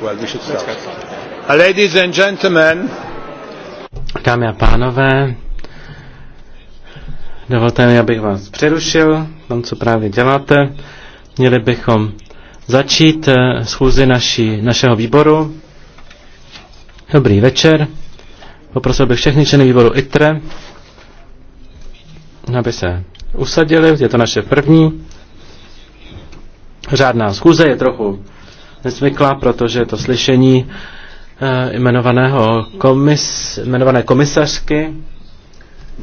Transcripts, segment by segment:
Well, we should start. Ladies and gentlemen. Dámy a pánové, dovolte mi, abych vás přerušil tom, co právě děláte. Měli bychom začít eh, schůzi naší, našeho výboru. Dobrý večer. Poprosil bych všechny členy výboru ITRE, aby se usadili. Je to naše první řádná schůze, je trochu nezvyklá, protože to slyšení eh, jmenovaného komis, jmenované komisařky.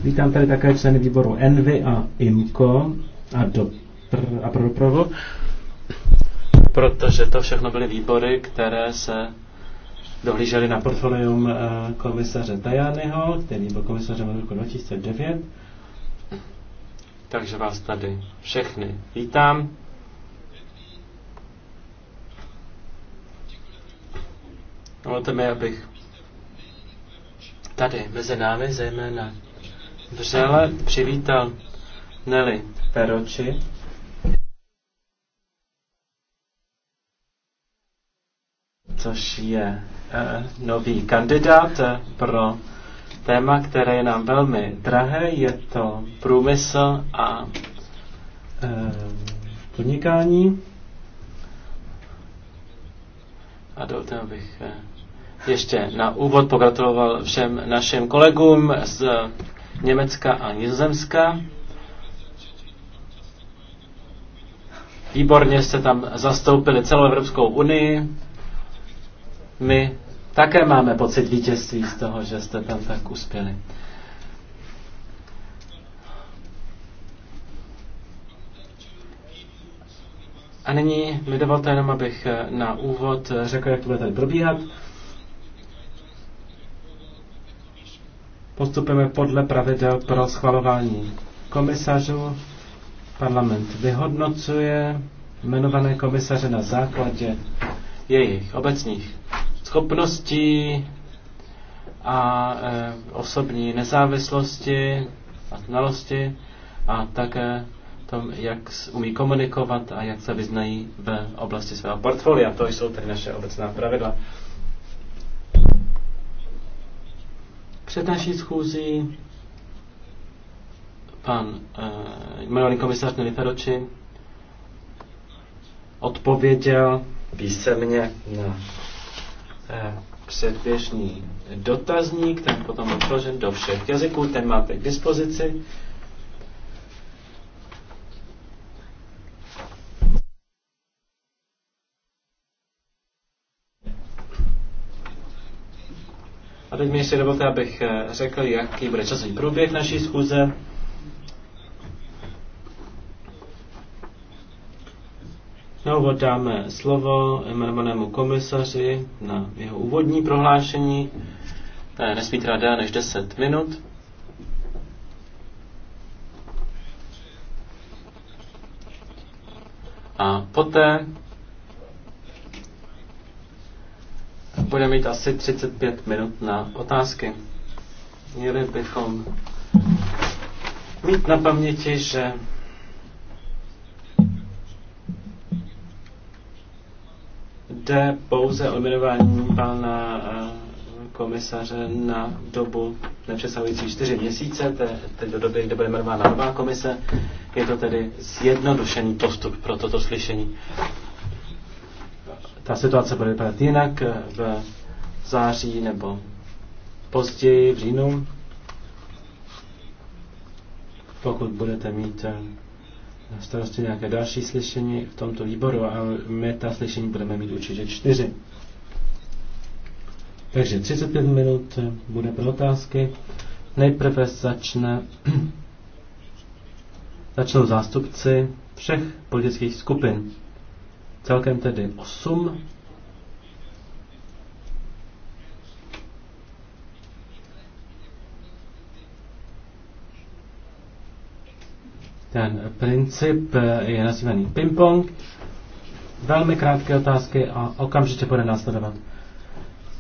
Vítám tady také členy výboru Envy a IMCO a, do, a pro dopravu, protože to všechno byly výbory, které se dohlíželi na portfolium eh, komisaře Tajányho, který byl komisařem roku 2009. Takže vás tady všechny vítám. Dovolte mi, abych tady mezi námi zejména vřele přivítal Nelly Peroči, což je eh, nový kandidát eh, pro téma, které je nám velmi drahé, je to průmysl a eh, podnikání. A dovolte, abych eh, ještě na úvod pogratuloval všem našim kolegům z Německa a Nizozemska. Výborně jste tam zastoupili celou Evropskou unii. My také máme pocit vítězství z toho, že jste tam tak uspěli. A nyní mi dovolte jenom, abych eh, na úvod eh, řekl, jak to bude tady probíhat. Postupujeme podle pravidel pro schvalování komisařů. Parlament vyhodnocuje jmenované komisaře na základě jejich obecných schopností a e, osobní nezávislosti a znalosti a také tom, jak umí komunikovat a jak se vyznají v oblasti svého portfolia. To jsou tedy naše obecná pravidla. Před naší schůzí pan eh, jmenovaný komisář Nelly Feroči odpověděl písemně na eh, předběžný dotazník, ten potom odložen do všech jazyků, ten máte k dispozici. teď mi ještě dovolte, abych eh, řekl, jaký bude časový průběh naší schůze. Na úvod dáme slovo jmenovanému komisaři na jeho úvodní prohlášení. nesmí trvat déle než 10 minut. A poté Budeme mít asi 35 minut na otázky. Měli bychom mít na paměti, že jde pouze o jmenování pana eh, komisaře na dobu nepřesahující čtyři měsíce, tedy do doby, kdy bude jmenována nová komise. Je to tedy zjednodušený postup pro toto slyšení ta situace bude vypadat jinak eh, v září nebo později v říjnu. Pokud budete mít eh, na starosti nějaké další slyšení v tomto výboru a my ta slyšení budeme mít určitě čtyři. Takže 35 minut eh, bude pro otázky. Nejprve začne, začnou zástupci všech politických skupin. Celkem tedy 8. Ten princip eh, je nazývaný ping-pong. Velmi krátké otázky a okamžitě bude následovat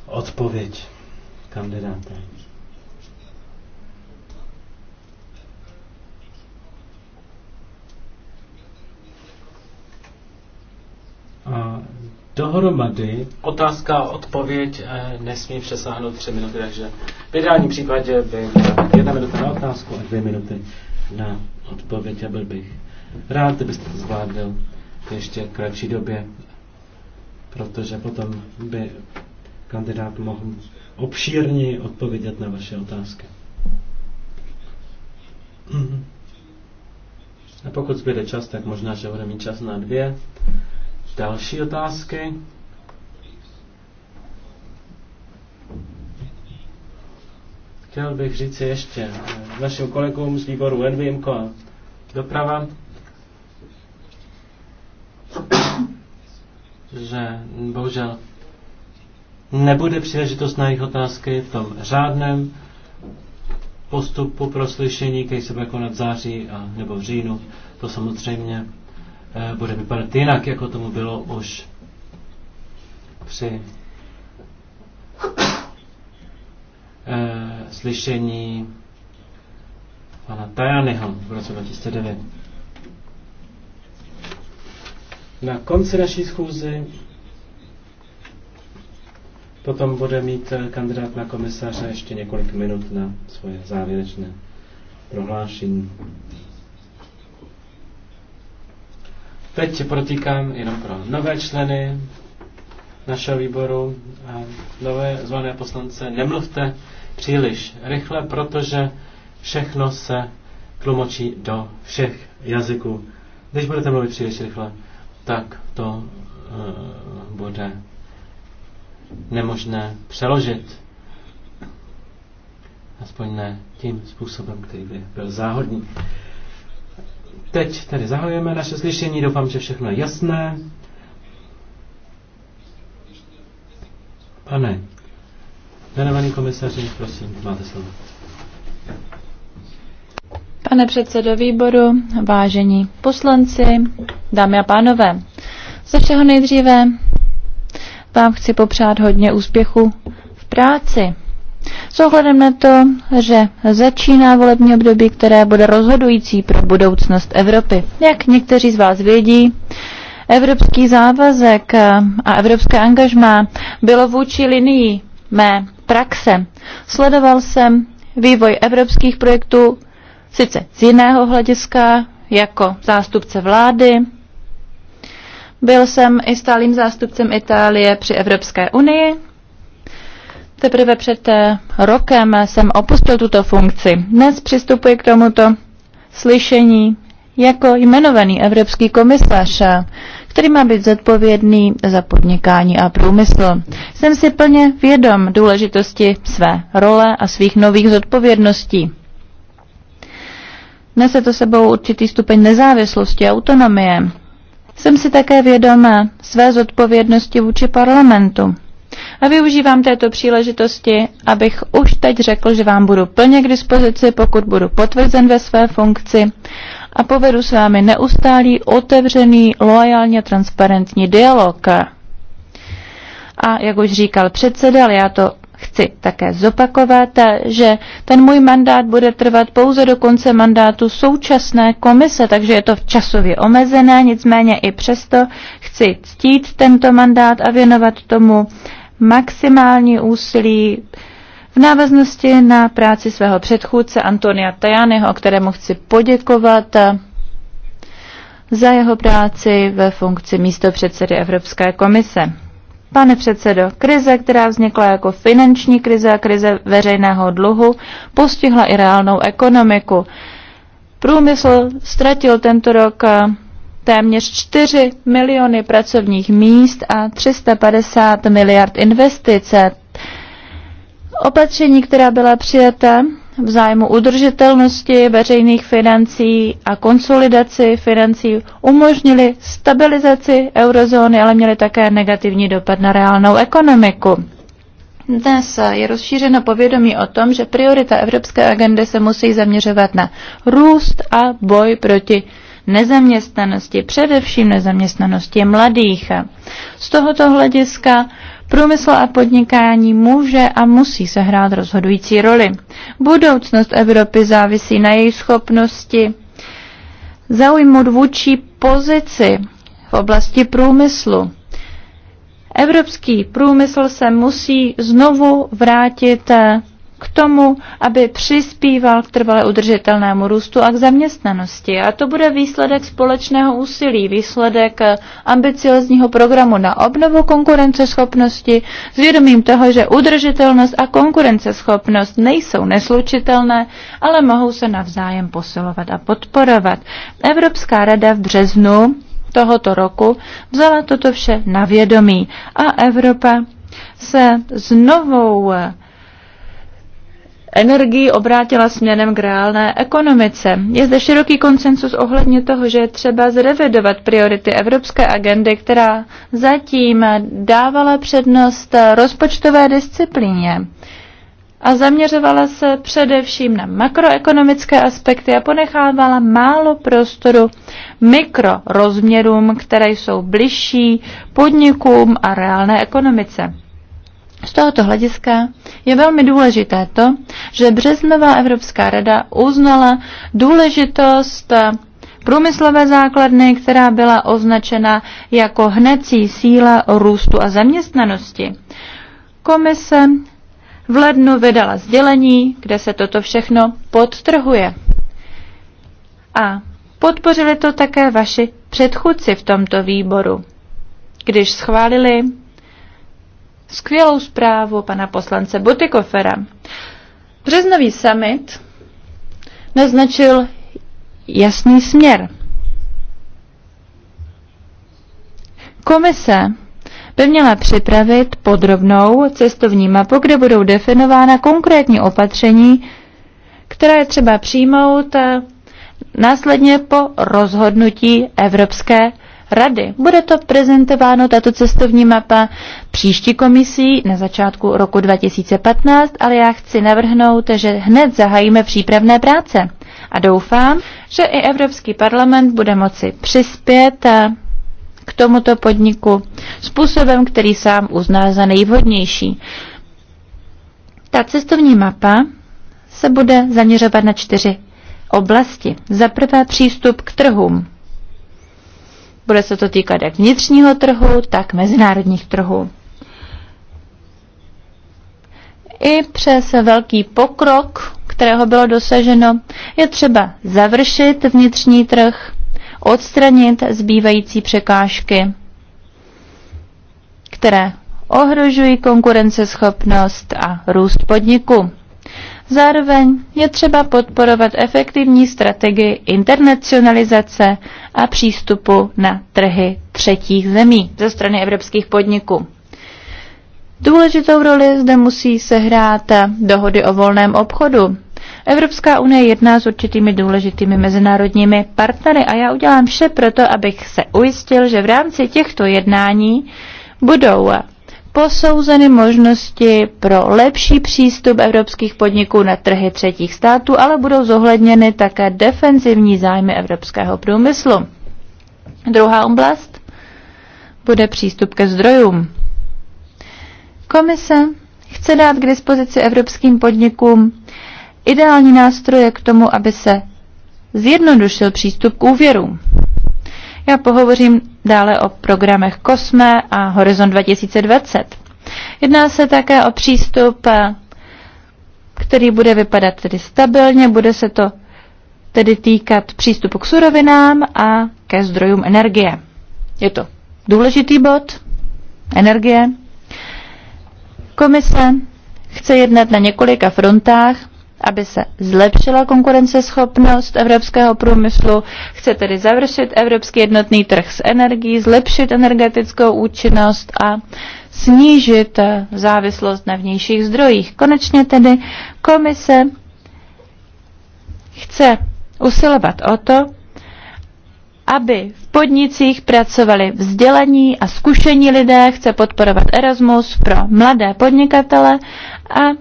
odpověď kandidáta. dohromady. Otázka a odpověď eh, nesmí přesáhnout tři minuty, takže v ideálním případě by jedna minuta na otázku a dvě minuty na odpověď a byl bych rád, kdybyste to zvládl v ještě kratší době, protože potom by kandidát mohl obšírněji odpovědět na vaše otázky. Mhm. A pokud zbyde čas, tak možná, že bude mít čas na dvě Další otázky? Chtěl bych říct ještě eh, našim kolegům z výboru NVMK doprava, že bohužel nebude příležitost na jejich otázky v tom řádném postupu pro slyšení, který se bude konat v září a, nebo v říjnu. To samozřejmě Eh, bude vypadat jinak, jako tomu bylo už při eh, slyšení pana Tajanyho v roce 2009. Na konci naší schůzy potom bude mít eh, kandidát na komisaře ještě několik minut na svoje závěrečné prohlášení. Teď protýkám jenom pro nové členy našeho výboru a nové zvané poslance. Nemluvte příliš rychle, protože všechno se tlumočí do všech jazyků. Když budete mluvit příliš rychle, tak to uh, bude nemožné přeložit. Aspoň ne tím způsobem, který by byl záhodný. Teď tedy zahajujeme naše slyšení, doufám, že všechno je jasné. Pane, jmenovaný komisaři, prosím, máte slovo. Pane předsedo výboru, vážení poslanci, dámy a pánové, ze všeho nejdříve vám chci popřát hodně úspěchu v práci. S ohledem na to, že začíná volební období, které bude rozhodující pro budoucnost Evropy. Jak někteří z vás vědí, evropský závazek a evropské angažmá bylo vůči linii mé praxe. Sledoval jsem vývoj evropských projektů sice z jiného hlediska, jako zástupce vlády, byl jsem i stálým zástupcem Itálie při Evropské unii Teprve před eh, rokem jsem opustil tuto funkci. Dnes přistupuji k tomuto slyšení jako jmenovaný evropský komisař, eh, který má být zodpovědný za podnikání a průmysl. Jsem si plně vědom důležitosti své role a svých nových zodpovědností. Nese to sebou určitý stupeň nezávislosti a autonomie. Jsem si také vědoma své zodpovědnosti vůči parlamentu. A využívám této příležitosti, abych už teď řekl, že vám budu plně k dispozici, pokud budu potvrzen ve své funkci a povedu s vámi neustálý, otevřený, loajálně transparentní dialog. A jak už říkal předseda, ale já to chci také zopakovat, že ten můj mandát bude trvat pouze do konce mandátu současné komise, takže je to v časově omezené, nicméně i přesto chci ctít tento mandát a věnovat tomu maximální úsilí v návaznosti na práci svého předchůdce Antonia Tajányho, kterému chci poděkovat eh, za jeho práci ve funkci místopředsedy Evropské komise. Pane předsedo, krize, která vznikla jako finanční krize a krize veřejného dluhu, postihla i reálnou ekonomiku. Průmysl ztratil tento rok eh, téměř 4 miliony pracovních míst a 350 miliard investice. Opatření, která byla přijata v zájmu udržitelnosti veřejných financí a konsolidaci financí, umožnili stabilizaci eurozóny, ale měly také negativní dopad na reálnou ekonomiku. Dnes je rozšířeno povědomí o tom, že priorita Evropské agendy se musí zaměřovat na růst a boj proti nezaměstnanosti, především nezaměstnanosti mladých. Z tohoto hlediska průmysl a podnikání může a musí se hrát rozhodující roli. Budoucnost Evropy závisí na její schopnosti zaujmout vůči pozici v oblasti průmyslu. Evropský průmysl se musí znovu vrátit k tomu, aby přispíval k trvale udržitelnému růstu a k zaměstnanosti. A to bude výsledek společného úsilí, výsledek eh, ambiciozního programu na obnovu konkurenceschopnosti, s vědomím toho, že udržitelnost a konkurenceschopnost nejsou neslučitelné, ale mohou se navzájem posilovat a podporovat. Evropská rada v březnu tohoto roku vzala toto vše na vědomí a Evropa se s novou eh, energii obrátila směrem k reálné ekonomice. Je zde široký konsensus ohledně toho, že je třeba zrevidovat priority evropské agendy, která zatím dávala přednost rozpočtové disciplíně a zaměřovala se především na makroekonomické aspekty a ponechávala málo prostoru mikrorozměrům, které jsou bližší podnikům a reálné ekonomice. Z tohoto hlediska je velmi důležité to, že březnová Evropská rada uznala důležitost eh, průmyslové základny, která byla označena jako hnací síla růstu a zaměstnanosti. Komise v lednu vydala sdělení, kde se toto všechno podtrhuje. A podpořili to také vaši předchůdci v tomto výboru, když schválili skvělou zprávu pana poslance Butikofera. Březnový summit naznačil jasný směr. Komise by měla připravit podrobnou cestovní mapu, kde budou definována konkrétní opatření, která je třeba přijmout eh, následně po rozhodnutí Evropské rady. Bude to prezentováno, tato cestovní mapa, příští komisí na začátku roku 2015, ale já chci navrhnout, že hned zahájíme přípravné práce. A doufám, že i Evropský parlament bude moci přispět eh, k tomuto podniku způsobem, který sám uzná za nejvhodnější. Ta cestovní mapa se bude zaměřovat na čtyři oblasti. Za prvé přístup k trhům. Bude se to týkat jak vnitřního trhu, tak mezinárodních trhů. I přes velký pokrok, kterého bylo dosaženo, je třeba završit vnitřní trh, odstranit zbývající překážky, které ohrožují konkurenceschopnost a růst podniku. Zároveň je třeba podporovat efektivní strategii internacionalizace a přístupu na trhy třetích zemí ze strany evropských podniků. Důležitou roli zde musí sehrát dohody o volném obchodu. Evropská unie jedná s určitými důležitými mezinárodními partnery a já udělám vše proto, abych se ujistil, že v rámci těchto jednání budou posouzeny možnosti pro lepší přístup evropských podniků na trhy třetích států, ale budou zohledněny také defenzivní zájmy evropského průmyslu. Druhá oblast bude přístup ke zdrojům. Komise chce dát k dispozici evropským podnikům ideální nástroje k tomu, aby se zjednodušil přístup k úvěrům. Já pohovořím dále o programech COSME a Horizon 2020. Jedná se také o přístup, eh, který bude vypadat tedy stabilně, bude se to tedy týkat přístupu k surovinám a ke zdrojům energie. Je to důležitý bod, energie. Komise chce jednat na několika frontách aby se zlepšila konkurenceschopnost evropského průmyslu, chce tedy završit evropský jednotný trh s energií, zlepšit energetickou účinnost a snížit eh, závislost na vnějších zdrojích. Konečně tedy komise chce usilovat o to, aby v podnicích pracovali vzdělaní a zkušení lidé, chce podporovat Erasmus pro mladé podnikatele a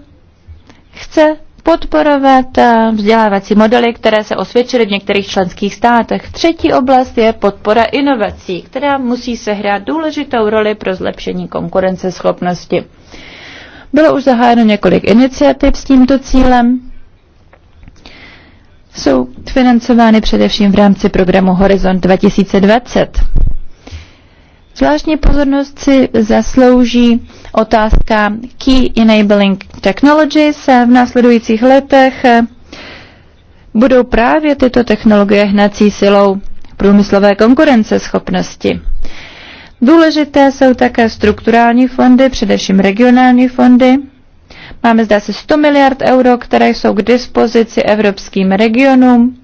chce podporovat eh, vzdělávací modely, které se osvědčily v některých členských státech. Třetí oblast je podpora inovací, která musí sehrát důležitou roli pro zlepšení konkurenceschopnosti. Bylo už zahájeno několik iniciativ s tímto cílem. Jsou financovány především v rámci programu Horizont 2020. Zvláštní pozornost si zaslouží otázka Key Enabling Technologies. V následujících letech budou právě tyto technologie hnací silou průmyslové konkurenceschopnosti. Důležité jsou také strukturální fondy, především regionální fondy. Máme zde asi 100 miliard euro, které jsou k dispozici evropským regionům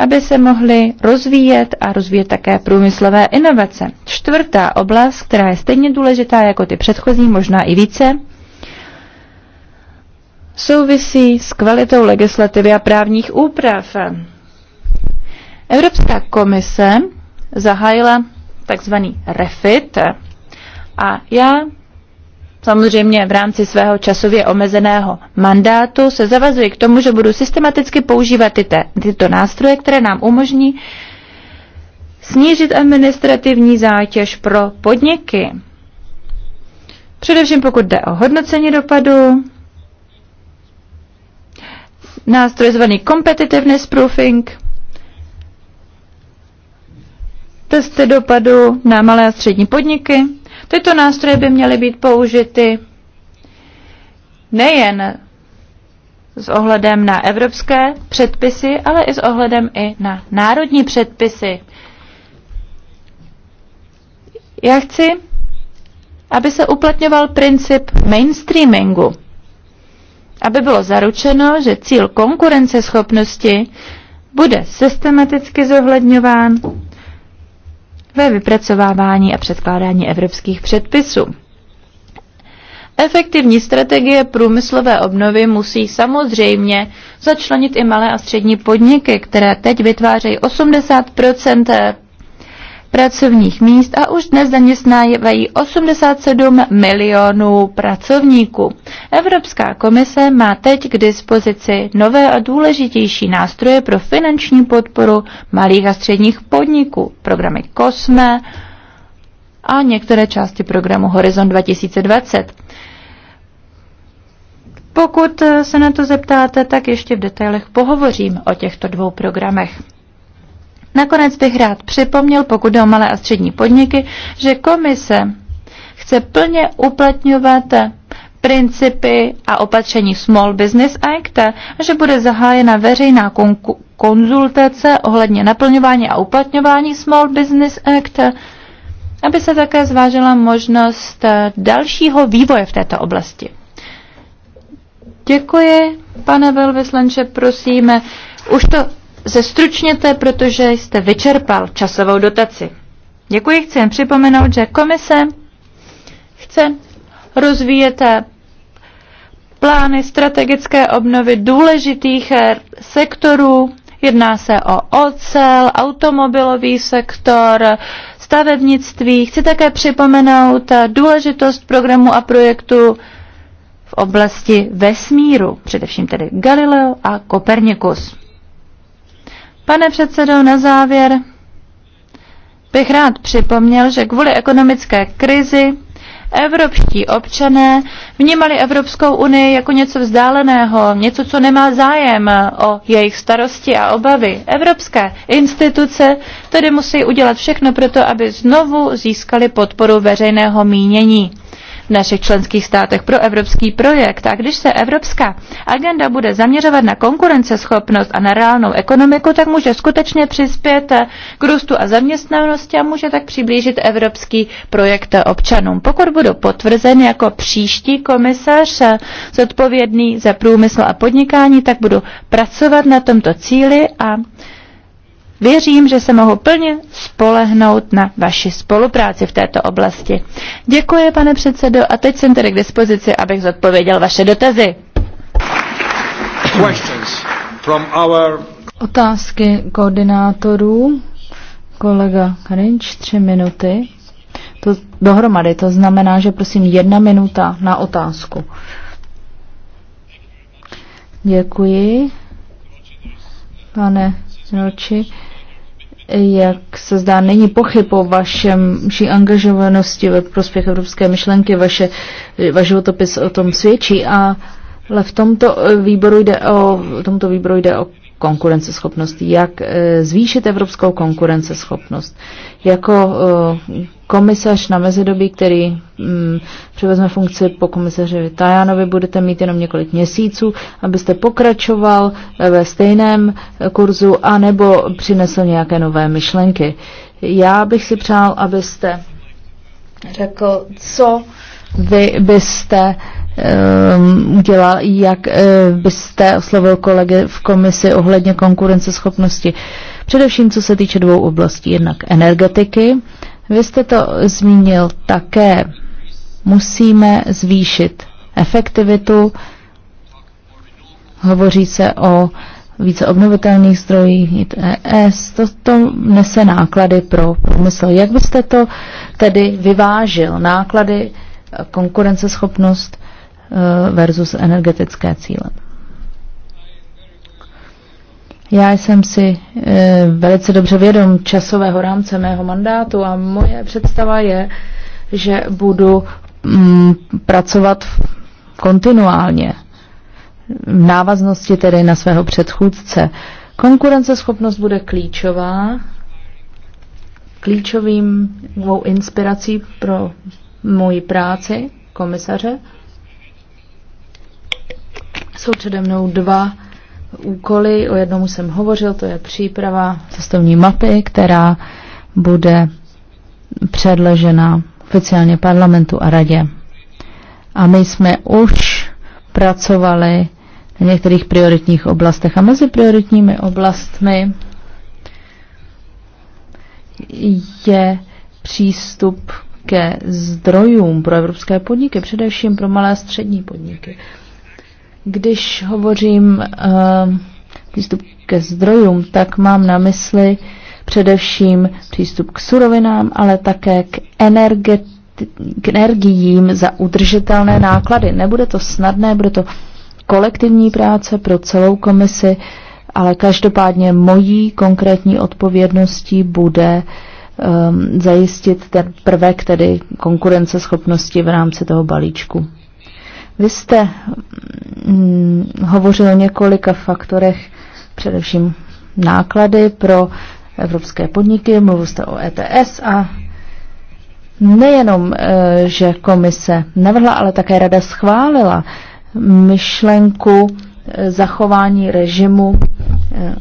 aby se mohly rozvíjet a rozvíjet také průmyslové inovace. Čtvrtá oblast, která je stejně důležitá jako ty předchozí, možná i více, souvisí s kvalitou legislativy a právních úprav. Evropská komise zahájila takzvaný refit a já samozřejmě v rámci svého časově omezeného mandátu se zavazuji k tomu, že budu systematicky používat tyto, tyto nástroje, které nám umožní snížit administrativní zátěž pro podniky. Především pokud jde o hodnocení dopadu, nástroj zvaný Competitiveness Proofing, testy dopadu na malé a střední podniky, Tyto nástroje by měly být použity nejen s ohledem na evropské předpisy, ale i s ohledem i na národní předpisy. Já chci, aby se uplatňoval princip mainstreamingu, aby bylo zaručeno, že cíl konkurenceschopnosti bude systematicky zohledňován ve vypracovávání a předkládání evropských předpisů. Efektivní strategie průmyslové obnovy musí samozřejmě začlenit i malé a střední podniky, které teď vytvářejí 80 pracovních míst a už dnes zaměstnávají 87 milionů pracovníků. Evropská komise má teď k dispozici nové a důležitější nástroje pro finanční podporu malých a středních podniků, programy COSME a některé části programu Horizon 2020. Pokud se na to zeptáte, tak ještě v detailech pohovořím o těchto dvou programech. Nakonec bych rád připomněl, pokud jde o malé a střední podniky, že komise chce plně uplatňovat principy a opatření Small Business Act že bude zahájena veřejná konzultace ohledně naplňování a uplatňování Small Business Act, aby se také zvážila možnost dalšího vývoje v této oblasti. Děkuji, pane velvyslanče, prosíme. Už to zestručněte, protože jste vyčerpal časovou dotaci. Děkuji, chci jen připomenout, že komise chce rozvíjet eh, plány strategické obnovy důležitých eh, sektorů. Jedná se o ocel, automobilový sektor, stavebnictví. Chci také připomenout eh, důležitost programu a projektu v oblasti vesmíru, především tedy Galileo a Kopernikus. Pane předsedo, na závěr bych rád připomněl, že kvůli ekonomické krizi evropští občané vnímali Evropskou unii jako něco vzdáleného, něco, co nemá zájem o jejich starosti a obavy. Evropské instituce tedy musí udělat všechno proto, aby znovu získali podporu veřejného mínění v našich členských státech pro evropský projekt. A když se evropská agenda bude zaměřovat na konkurenceschopnost a na reálnou ekonomiku, tak může skutečně přispět eh, k růstu a zaměstnanosti a může tak přiblížit evropský projekt eh, občanům. Pokud budu potvrzen jako příští komisař eh, zodpovědný za průmysl a podnikání, tak budu pracovat na tomto cíli a Věřím, že se mohu plně spolehnout na vaši spolupráci v této oblasti. Děkuji, pane předsedo, a teď jsem tedy k dispozici, abych zodpověděl vaše dotazy. Otázky koordinátorů. Kolega Karinč, tři minuty. To dohromady, to znamená, že prosím jedna minuta na otázku. Děkuji, pane Roči jak se zdá, není pochyb o vašem, vaší angažovanosti ve prospěch evropské myšlenky, vaše, vaš životopis o tom svědčí, a, ale v tomto eh, výboru jde o, v tomto výboru jde o konkurenceschopnost, jak eh, zvýšit evropskou konkurenceschopnost. Jako eh, komisař na mezidobí, který mm, převezme funkci po komisaři Tajanovi, budete mít jenom několik měsíců, abyste pokračoval eh, ve stejném eh, kurzu anebo přinesl nějaké nové myšlenky. Já bych si přál, abyste řekl, co vy byste um, udělal, jak uh, byste oslovil kolegy v komisi ohledně konkurenceschopnosti. Především co se týče dvou oblastí, jednak energetiky, uh, vy jste to zmínil také. Musíme zvýšit efektivitu. Hovoří se o více obnovitelných zdrojích, ITS, e to, to nese náklady pro průmysl. Jak byste to tedy vyvážil? Náklady, konkurenceschopnost eh, versus energetické cíle. Já jsem si e, velice dobře vědom časového rámce mého mandátu a moje představa je, že budu mm, pracovat kontinuálně v návaznosti tedy na svého předchůdce. Konkurenceschopnost bude klíčová, klíčovým mou inspirací pro moji práci komisaře. Jsou přede mnou dva úkoly. O jednomu jsem hovořil, to je příprava cestovní mapy, která bude předležena oficiálně parlamentu a radě. A my jsme už pracovali na některých prioritních oblastech. A mezi prioritními oblastmi je přístup ke zdrojům pro evropské podniky, především pro malé a střední podniky. Když hovořím uh, přístup ke zdrojům, tak mám na mysli především přístup k surovinám, ale také k, k energiím za udržitelné náklady. Nebude to snadné, bude to kolektivní práce pro celou komisi, ale každopádně mojí konkrétní odpovědností bude um, zajistit ten prvek tedy konkurenceschopnosti v rámci toho balíčku. Vy jste hm, hovořil o několika faktorech, především náklady pro evropské podniky, mluvil jste o ETS a nejenom, eh, že komise navrhla, ale také rada schválila myšlenku eh, zachování režimu eh,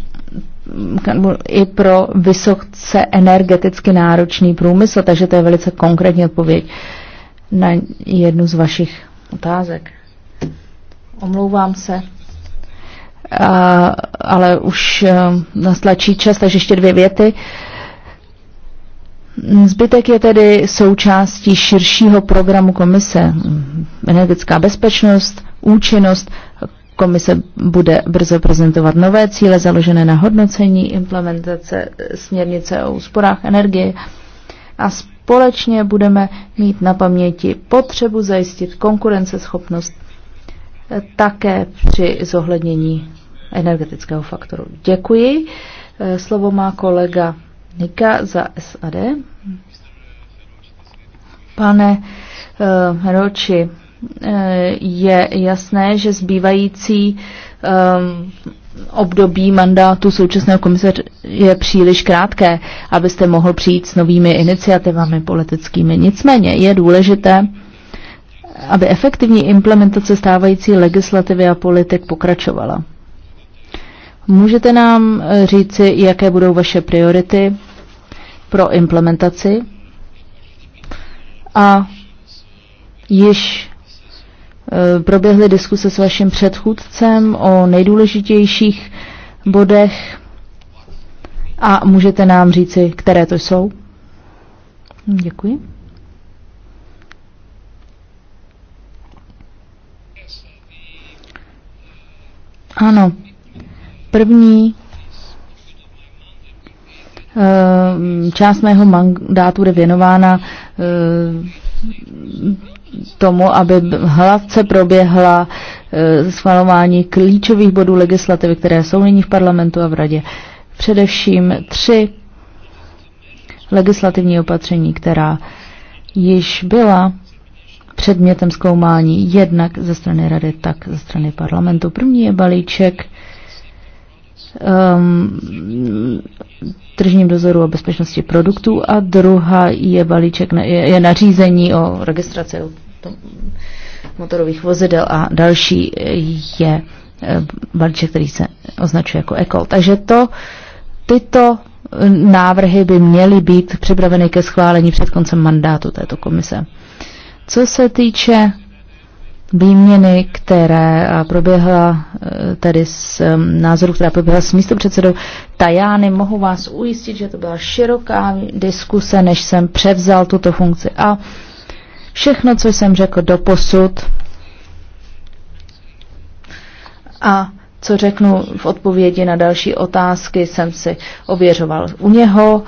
i pro vysokce energeticky náročný průmysl, takže to je velice konkrétní odpověď na jednu z vašich otázek. Omlouvám se, a, ale už e, nás tlačí čas, takže ještě dvě věty. Zbytek je tedy součástí širšího programu komise. Energetická bezpečnost, účinnost. Komise bude brzo prezentovat nové cíle založené na hodnocení implementace směrnice o úsporách energie a Společně budeme mít na paměti potřebu zajistit konkurenceschopnost eh, také při zohlednění energetického faktoru. Děkuji. Eh, slovo má kolega Nika za SAD. Pane eh, Roči, je jasné, že zbývající ehm, období mandátu současného komisaře je příliš krátké, abyste mohl přijít s novými iniciativami politickými. Nicméně je důležité, aby efektivní implementace stávající legislativy a politik pokračovala. Můžete nám eh, říci, jaké budou vaše priority pro implementaci? A již Eh, proběhly diskuse s vaším předchůdcem o nejdůležitějších bodech a můžete nám říci, které to jsou? Hm, děkuji. Ano. První Eh, část mého mandátu je věnována eh, tomu, aby hladce proběhla eh, schvalování klíčových bodů legislativy, které jsou nyní v parlamentu a v radě. Především tři legislativní opatření, která již byla předmětem zkoumání jednak ze strany rady, tak ze strany parlamentu. První je balíček um, tržním dozoru a bezpečnosti produktů a druhá je balíček, je, je nařízení o registraci motorových vozidel a další je eh, balíček, který se označuje jako ECOL. Takže to, tyto eh, návrhy by měly být připraveny ke schválení před koncem mandátu této komise. Co se týče výměny, které eh, proběhla eh, tady s názoru, která proběhla s předsedou Tajány. Mohu vás ujistit, že to byla široká diskuse, než jsem převzal tuto funkci. A všechno, co jsem řekl do posud a co řeknu v odpovědi na další otázky, jsem si ověřoval u něho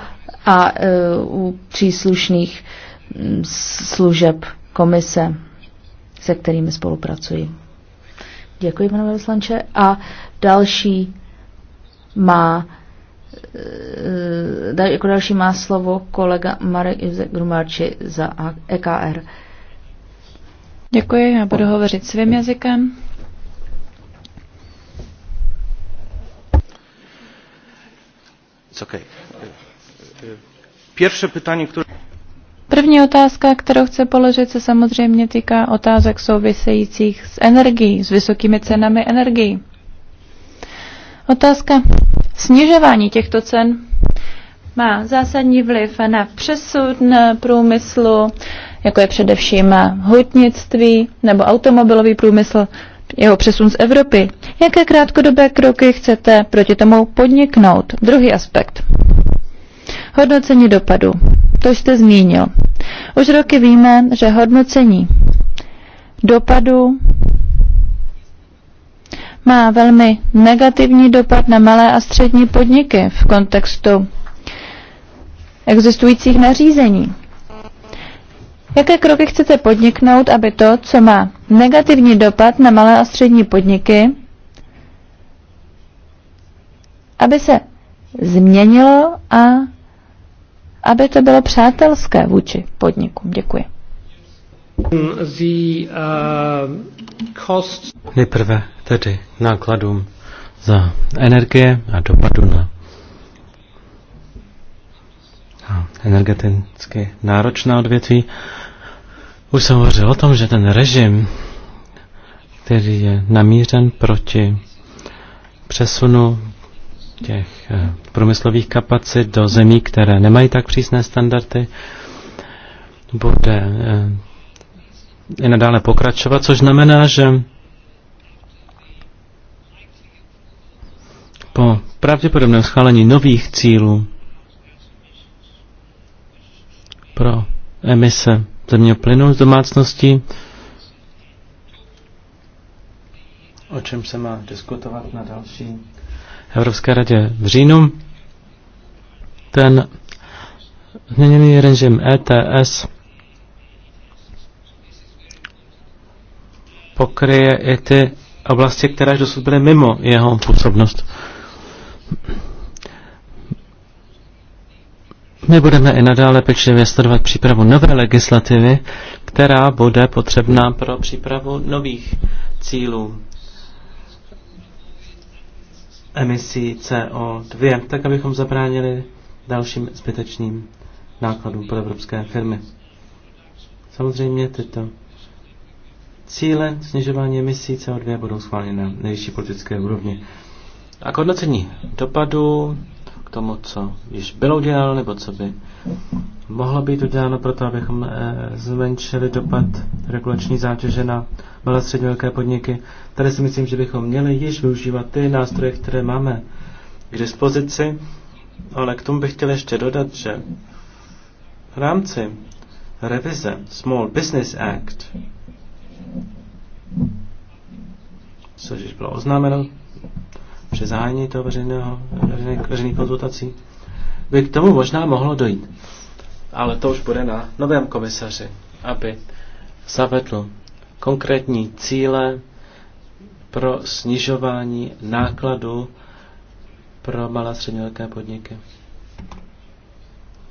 a eh, u příslušných mm, služeb komise se kterými spolupracuji. Děkuji, pane velvyslanče. A další má eh, jako další má slovo kolega Marek Grumáči za EKR. Děkuji, já budu hovořit svým jazykem. It's okay. Pierwsze pytanie, które... První otázka, kterou chce položit, se samozřejmě týká otázek souvisejících s energií, s vysokými cenami energií. Otázka snižování těchto cen má zásadní vliv na přesun průmyslu, jako je především hutnictví nebo automobilový průmysl, jeho přesun z Evropy. Jaké krátkodobé kroky chcete proti tomu podniknout? Druhý aspekt. Hodnocení dopadu. To jste zmínil. Už roky víme, že hodnocení dopadu má velmi negativní dopad na malé a střední podniky v kontextu existujících nařízení. Jaké kroky chcete podniknout, aby to, co má negativní dopad na malé a střední podniky, aby se změnilo a aby to bylo přátelské vůči podnikům. Děkuji. Uh, Nejprve tedy nákladům za energie a dopadu na energeticky náročná odvětví. Už jsem hovořil o tom, že ten režim, který je namířen proti přesunu těch eh, průmyslových kapacit do zemí, které nemají tak přísné standardy, bude eh, i nadále pokračovat, což znamená, že po pravděpodobném schválení nových cílů pro emise zemního plynu z domácností, o čem se má diskutovat na další Evropské radě v říjnu. Ten změněný režim ETS pokryje i ty oblasti, které dosud byly mimo jeho působnost. My budeme i nadále pečlivě sledovat přípravu nové legislativy, která bude potřebná pro přípravu nových cílů emisí CO2, tak abychom zabránili dalším zbytečným nákladům pro evropské firmy. Samozřejmě tyto cíle snižování emisí CO2 budou schváleny na nejvyšší politické úrovni. A k hodnocení dopadu, k tomu, co již bylo udělal, nebo co by mohlo být uděláno proto, abychom eh, zmenšili dopad regulační zátěže na malé střední velké podniky. Tady si myslím, že bychom měli již využívat ty nástroje, které máme k dispozici, ale k tomu bych chtěl ještě dodat, že v rámci revize Small Business Act, což již bylo oznámeno při zahájení toho veřejného, veřejných konzultací, by k tomu možná mohlo dojít ale to už bude na novém komisaři, aby zavedl konkrétní cíle pro snižování nákladů pro malé a střední velké podniky.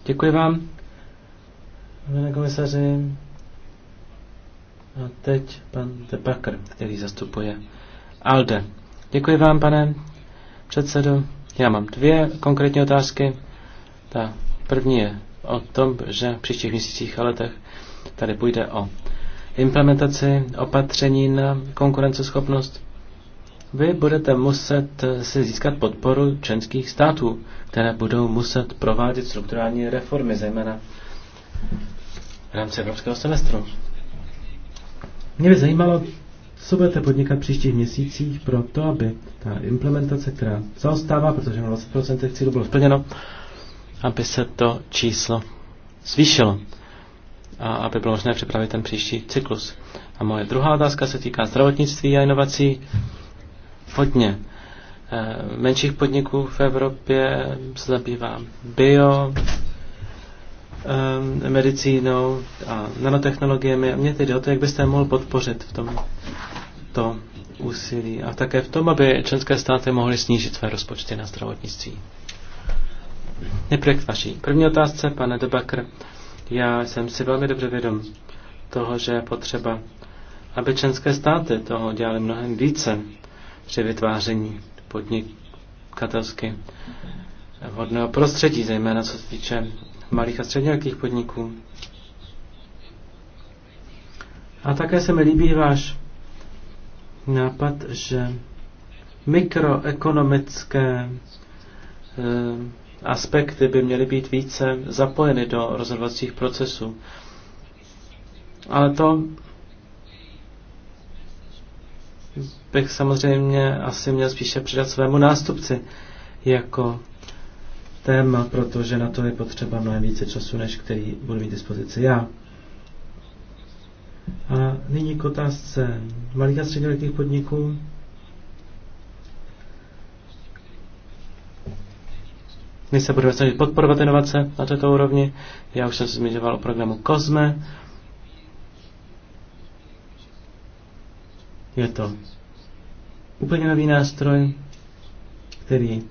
Děkuji vám, pane komisaři. A teď pan Debakr, který zastupuje ALDE. Děkuji vám, pane předsedo. Já mám dvě konkrétní otázky. Ta první je o tom, že v příštích měsících a letech tady půjde o implementaci opatření na konkurenceschopnost. Vy budete muset eh, si získat podporu členských států, které budou muset provádět strukturální reformy, zejména v rámci evropského semestru. Mě by zajímalo, co budete podnikat v příštích měsících pro to, aby ta implementace, která zaostává, protože na 20% těch cílů bylo splněno, aby se to číslo zvýšilo a aby bylo možné připravit ten příští cyklus. A moje druhá otázka se týká zdravotnictví a inovací. Hodně eh, menších podniků v Evropě se zabývá bio, eh, medicínou a nanotechnologiemi. A mě tedy o to, jak byste mohl podpořit v tom to úsilí a také v tom, aby členské státy mohly snížit své rozpočty na zdravotnictví. Nejprve k vaší první otázce, pane Debakr. Já jsem si velmi dobře vědom toho, že je potřeba, aby členské státy toho dělali mnohem více při vytváření podnikatelsky vhodného prostředí, zejména co se týče malých a středních podniků. A také se mi líbí váš nápad, že mikroekonomické eh, aspekty by měly být více zapojeny do rozhodovacích procesů. Ale to bych samozřejmě asi měl spíše předat svému nástupci jako téma, protože na to je potřeba mnohem více času, než který budu mít dispozici já. A nyní k otázce malých a středních podniků. My se budeme snažit podporovat inovace na této úrovni. Já už jsem se zmiňoval o programu COSME. Je to úplně nový nástroj, který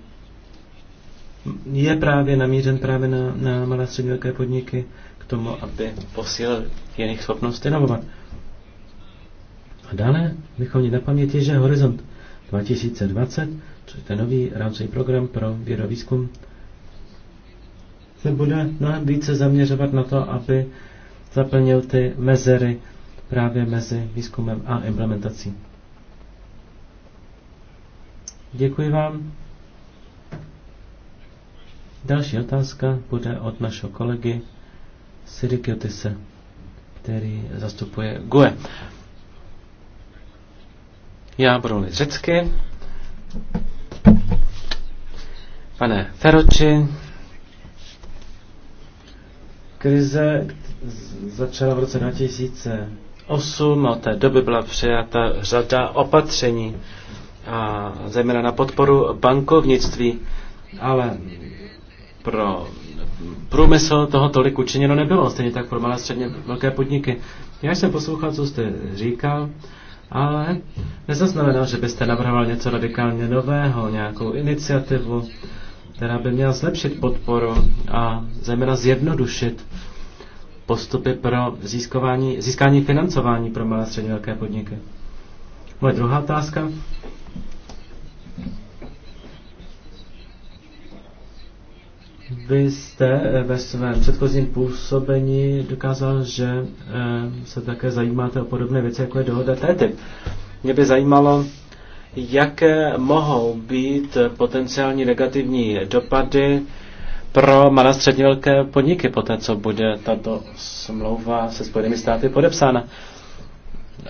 je právě namířen právě na, na malé střední velké podniky k tomu, aby posílil jejich schopnost inovovat. A dále bychom měli na paměti, že Horizont 2020, což je ten nový rámcový program pro vědový výzkum, se bude mnohem více zaměřovat na to, aby zaplnil ty mezery právě mezi výzkumem a implementací. Děkuji vám. Další otázka bude od našeho kolegy Sirikiotise, který zastupuje GUE. Já budu mluvit řecky. Pane Feroči, Krize začala v roce 2008 a od té doby byla přijata řada opatření, a zejména na podporu bankovnictví, ale pro průmysl toho tolik učiněno nebylo, stejně tak pro malé středně velké podniky. Já jsem poslouchal, co jste říkal, ale nezaznamenal, že byste navrhoval něco radikálně nového, nějakou iniciativu, která by měla zlepšit podporu a zejména zjednodušit postupy pro získování, získání financování pro malé a středně velké podniky. Moje druhá otázka. Vy jste eh, ve svém předchozím působení dokázal, že eh, se také zajímáte o podobné věci, jako je dohoda TTIP. Mě by zajímalo, jaké mohou být potenciální negativní dopady pro malé středně velké podniky po té, co bude tato smlouva se Spojenými státy podepsána.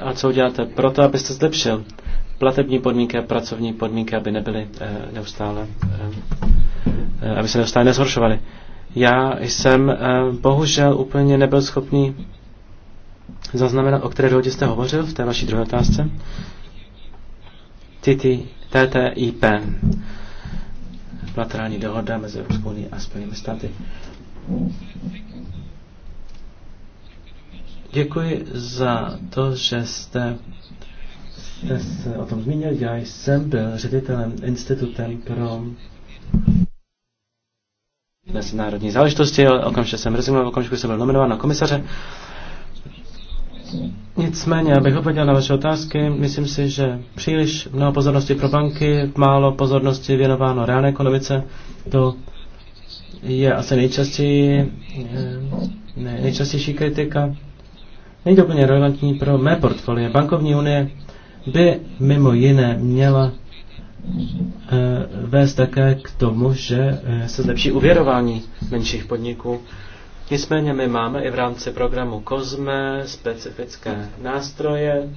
A co uděláte pro to, abyste zlepšil platební podmínky a pracovní podmínky, aby nebyly eh, neustále, eh, eh, aby se neustále nezhoršovaly. Já jsem bohužel úplně nebyl schopný zaznamenat, o které dohodě jste hovořil v té vaší druhé otázce. TTIP, Platrální dohoda mezi Evropskou unii a Spojenými státy. Děkuji za to, že jste, jste se o tom zmínil. Já jsem byl ředitelem institutem pro mezinárodní záležitosti. Okamžitě jsem rezignoval, okamžitě jsem byl nominován na komisaře. Nicméně, abych odpověděl na vaše otázky, myslím si, že příliš mnoho pozornosti pro banky, málo pozornosti věnováno reálné ekonomice. To je asi nejčastěji, eh, ne, nejčastější kritika. Není to úplně relevantní pro mé portfolie. Bankovní unie by mimo jiné měla eh, vést také k tomu, že eh, se zlepší uvěrování menších podniků. Nicméně my máme i v rámci programu COSME specifické nástroje,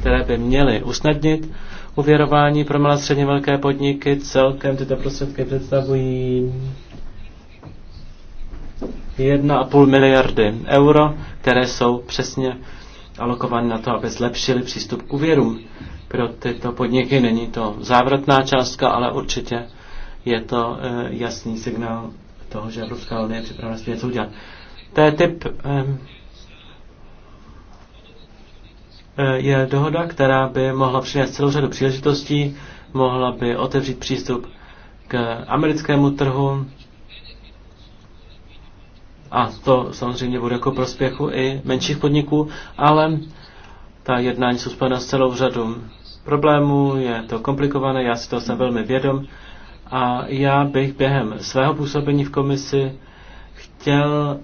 které by měly usnadnit uvěrování pro malé středně velké podniky. Celkem tyto prostředky představují 1,5 miliardy euro, které jsou přesně alokovány na to, aby zlepšili přístup k úvěrům. Pro tyto podniky není to závratná částka, ale určitě je to eh, jasný signál toho, že Evropská unie je připravena s něco udělat typ e, je dohoda, která by mohla přinést celou řadu příležitostí, mohla by otevřít přístup k americkému trhu a to samozřejmě bude jako prospěchu i menších podniků, ale ta jednání jsou spojena s celou řadou problémů, je to komplikované, já si to jsem velmi vědom a já bych během svého působení v komisi chtěl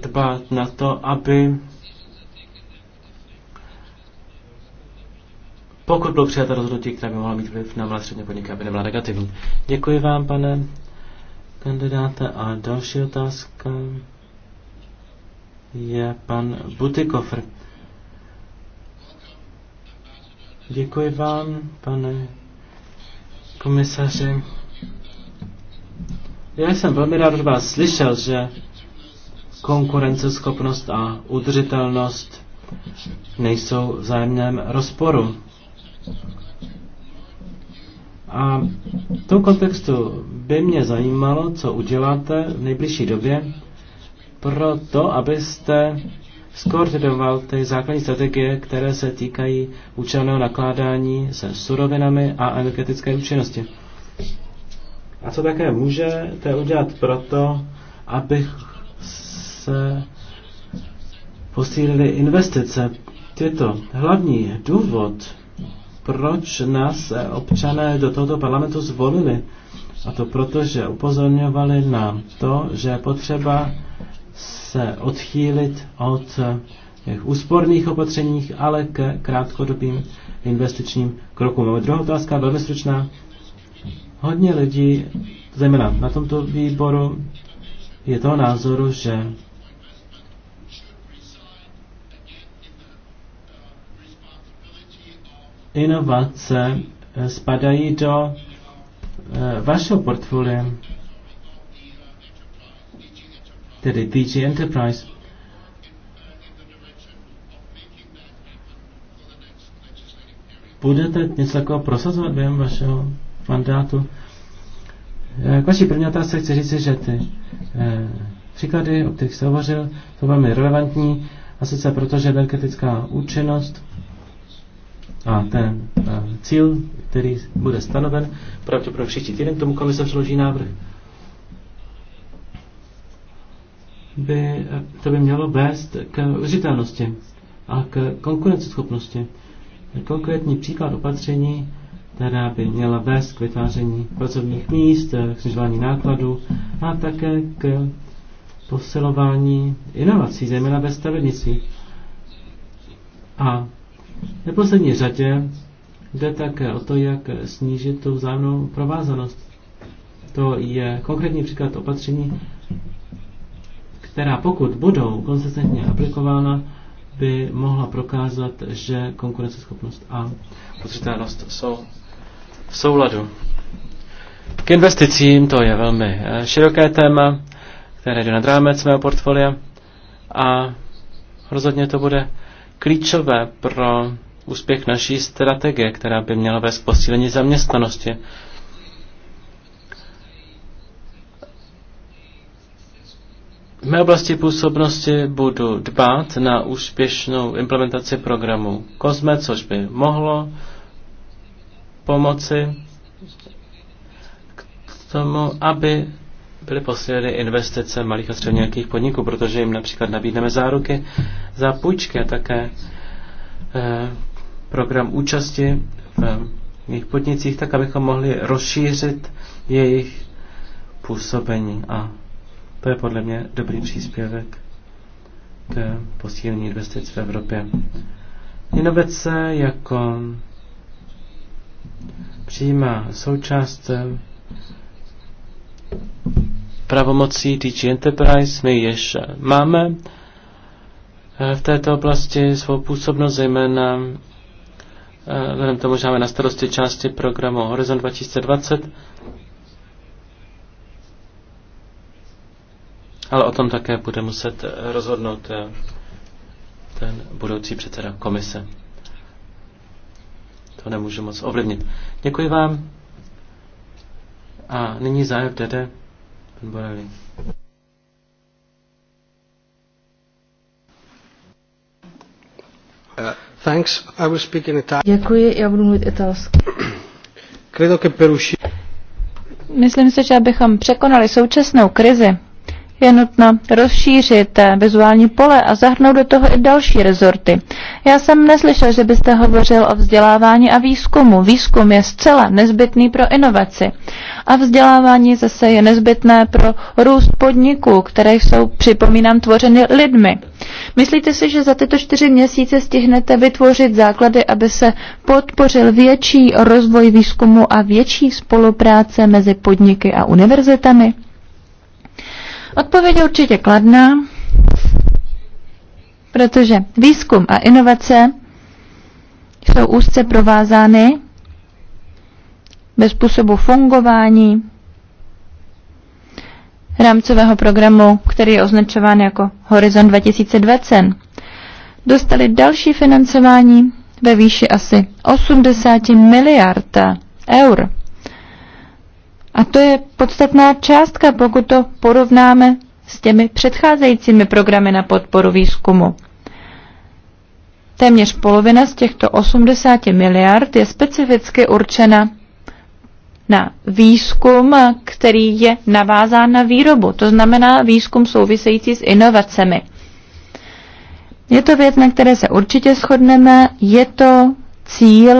dbát na to, aby pokud bylo přijato rozhodnutí, které by mohlo mít vliv na malé středně podniky, aby nebyla negativní. Děkuji vám, pane kandidáte. A další otázka je pan Butikofr. Děkuji vám, pane komisaři. Já jsem velmi rád, že vás slyšel, že konkurenceschopnost a udržitelnost nejsou v zájemném rozporu. A v tom kontextu by mě zajímalo, co uděláte v nejbližší době pro to, abyste skoordinoval ty základní strategie, které se týkají účelného nakládání se surovinami a energetické účinnosti. A co také můžete udělat proto, abych se posílily investice. Je to hlavní důvod, proč nás občané do tohoto parlamentu zvolili. A to proto, že upozorňovali na to, že je potřeba se odchýlit od těch úsporných opatřeních, ale ke krátkodobým investičním krokům. Máme druhá otázka, velmi stručná. Hodně lidí, zejména na tomto výboru, je toho názoru, že inovace eh, spadají do eh, vašeho portfolia, tedy DG Enterprise. Budete něco takového prosazovat během vašeho mandátu? Eh, k vaší první otázce chci říct, že ty příklady, o kterých jste hovořil, jsou velmi relevantní, a sice proto, že energetická účinnost a ten e, cíl, který bude stanoven, pravděpodobně příští týden k tomu komise předloží návrh, by, e, to by mělo vést k užitelnosti a k konkurenceschopnosti. Konkrétní příklad opatření, která by měla vést k vytváření pracovních míst, e, k snižování nákladů a také k posilování inovací, zejména ve stavebnictví. A v neposlední řadě jde také o to, jak snížit tu vzájemnou provázanost. To je konkrétní příklad opatření, která pokud budou konsistentně aplikována, by mohla prokázat, že konkurenceschopnost a udržitelnost jsou v souladu. K investicím to je velmi eh, široké téma, které jde nad rámec mého portfolia a rozhodně to bude klíčové pro úspěch naší strategie, která by měla vést posílení zaměstnanosti. V mé oblasti působnosti budu dbát na úspěšnou implementaci programu COSME, což by mohlo pomoci k tomu, aby byly posíleny investice malých a středních podniků, protože jim například nabídneme záruky za půjčky a také eh, program účasti v jejich podnicích, tak abychom mohli rozšířit jejich působení. A to je podle mě dobrý příspěvek k posílení investic v Evropě. Inovace jako přijímá součást pravomocí DG Enterprise. My již máme eh, v této oblasti svou působnost, zejména eh, vzhledem tomu, že máme na starosti části programu Horizon 2020, ale o tom také bude muset eh, rozhodnout ten budoucí předseda komise. To nemůžu moc ovlivnit. Děkuji vám. A nyní zájem tedy Uh, thanks. I will speak in Italian. Děkuji, já budu mluvit italsky. Credo che per uscire Myslím si, že abychom překonali současnou krizi, je nutno rozšířit eh, vizuální pole a zahrnout do toho i další rezorty. Já jsem neslyšel, že byste hovořil o vzdělávání a výzkumu. Výzkum je zcela nezbytný pro inovaci. A vzdělávání zase je nezbytné pro růst podniků, které jsou, připomínám, tvořeny lidmi. Myslíte si, že za tyto čtyři měsíce stihnete vytvořit základy, aby se podpořil větší rozvoj výzkumu a větší spolupráce mezi podniky a univerzitami? Odpověď je určitě kladná, protože výzkum a inovace jsou úzce provázány ve způsobu fungování rámcového programu, který je označován jako Horizon 2020. Dostali další financování ve výši asi 80 miliard eur. A to je podstatná částka, pokud to porovnáme s těmi předcházejícími programy na podporu výzkumu. Téměř polovina z těchto 80 miliard je specificky určena na výzkum, který je navázán na výrobu, to znamená výzkum související s inovacemi. Je to věc, na které se určitě shodneme, je to cíl,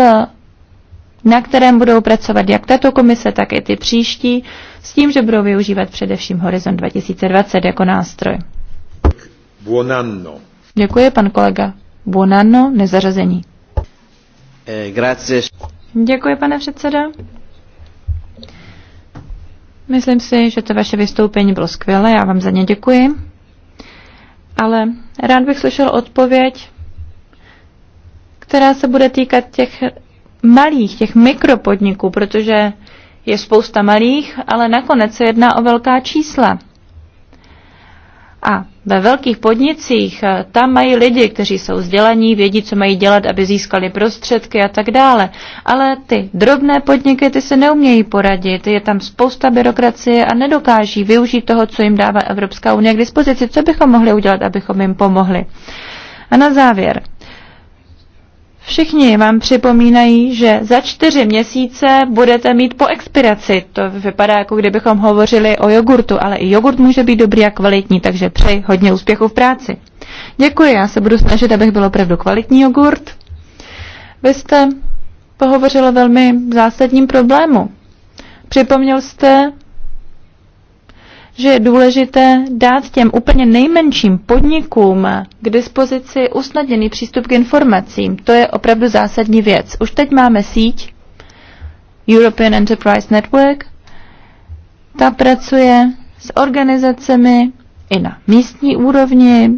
na kterém budou pracovat jak tato komise, tak i ty příští, s tím, že budou využívat především Horizon 2020 jako nástroj. Buonanno. Děkuji, pan kolega. Buonanno, nezařazení. Eh, grazie. Děkuji, pane předsedo. Myslím si, že to vaše vystoupení bylo skvělé, já vám za ně děkuji. Ale rád bych slyšel odpověď, která se bude týkat těch malých, těch mikropodniků, protože je spousta malých, ale nakonec se jedná o velká čísla. A ve velkých podnicích eh, tam mají lidi, kteří jsou vzdělaní, vědí, co mají dělat, aby získali prostředky a tak dále. Ale ty drobné podniky, ty se neumějí poradit. Je tam spousta byrokracie a nedokáží využít toho, co jim dává Evropská unie k dispozici. Co bychom mohli udělat, abychom jim pomohli? A na závěr. Všichni vám připomínají, že za čtyři měsíce budete mít po expiraci. To vypadá, jako kdybychom hovořili o jogurtu, ale i jogurt může být dobrý a kvalitní, takže přeji hodně úspěchu v práci. Děkuji, já se budu snažit, abych byl opravdu kvalitní jogurt. Vy jste pohovořil o velmi zásadním problému. Připomněl jste že je důležité dát těm úplně nejmenším podnikům k dispozici usnadněný přístup k informacím. To je opravdu zásadní věc. Už teď máme síť European Enterprise Network. Ta pracuje s organizacemi i na místní úrovni,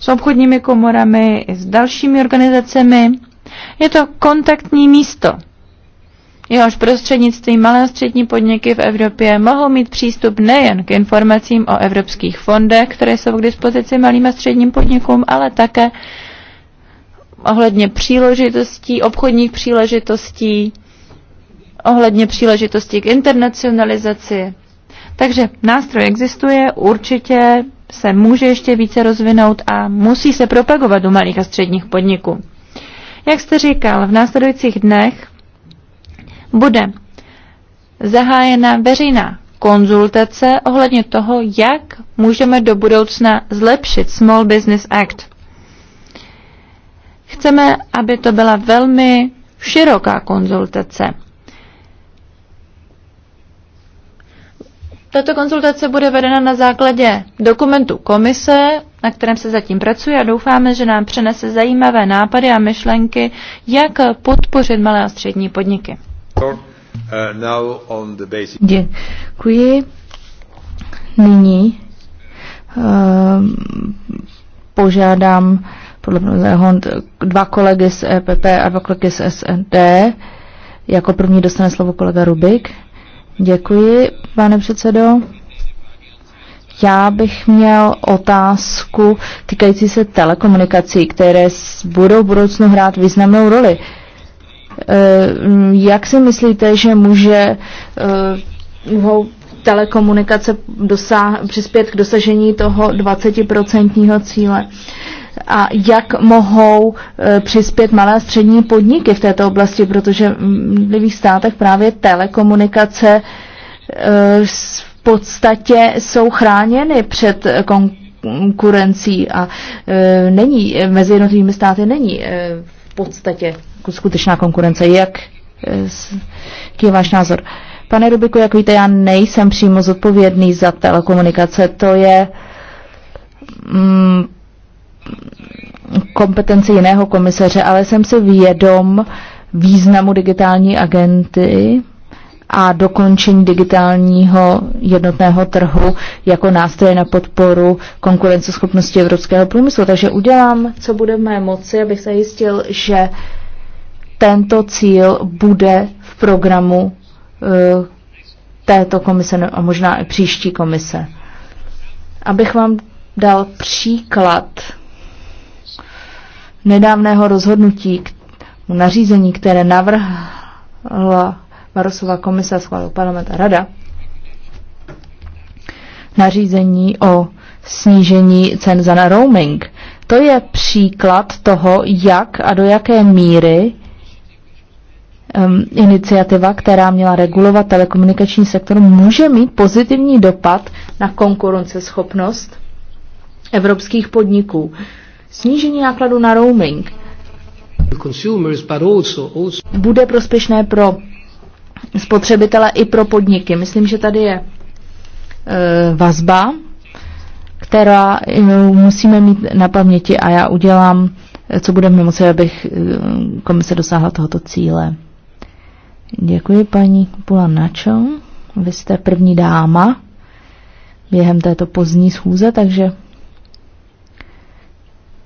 s obchodními komorami, i s dalšími organizacemi. Je to kontaktní místo jehož prostřednictvím malé a střední podniky v Evropě mohou mít přístup nejen k informacím o evropských fondech, které jsou k dispozici malým a středním podnikům, ale také ohledně příležitostí, obchodních příležitostí, ohledně příležitostí k internacionalizaci. Takže nástroj existuje, určitě se může ještě více rozvinout a musí se propagovat u malých a středních podniků. Jak jste říkal, v následujících dnech bude zahájena veřejná konzultace ohledně toho, jak můžeme do budoucna zlepšit Small Business Act. Chceme, aby to byla velmi široká konzultace. Tato konzultace bude vedena na základě dokumentu komise, na kterém se zatím pracuje a doufáme, že nám přenese zajímavé nápady a myšlenky, jak podpořit malé a střední podniky. Uh, Děkuji. Nyní uh, požádám podle mého dva kolegy z EPP a dva kolegy z SND. Jako první dostane slovo kolega Rubik. Děkuji, pane předsedo. Já bych měl otázku týkající se telekomunikací, které budou v budoucnu hrát významnou roli. Uh, Eh, jak si myslíte, že může eh, telekomunikace dosáh- přispět k dosažení toho 20% cíle? A jak mohou eh, přispět malé a střední podniky v této oblasti, protože v mnohých státech právě telekomunikace v podstatě jsou chráněny před konkurencí a není, mezi jednotlivými státy není v podstatě jako skutečná konkurence. Jak, eh, jaký je váš názor? Pane Rubiku, jak víte, já nejsem přímo zodpovědný za telekomunikace, to je mm, kompetence jiného komisaře, ale jsem si vědom významu digitální agenty a dokončení digitálního jednotného trhu jako nástroje na podporu konkurenceschopnosti evropského průmyslu. Takže udělám, co bude v mé moci, abych zajistil, že uh, tento cíl bude v programu eh, této komise a možná i příští komise. Abych vám dal příklad nedávného rozhodnutí nařízení, které navrhla Varosová komise a schválil parlament a rada, nařízení o snížení cen za na roaming. To je příklad toho, jak a do jaké míry um, iniciativa, která měla regulovat telekomunikační sektor, může mít pozitivní dopad na konkurenceschopnost evropských podniků. Snížení nákladů na roaming bude prospěšné pro spotřebitele i pro podniky. Myslím, že tady je e, vazba, která e, musíme mít na paměti a já udělám, e, co bude v moci, abych e, komise dosáhla tohoto cíle. Děkuji paní Pula Načo. Vy jste první dáma během této pozdní schůze, takže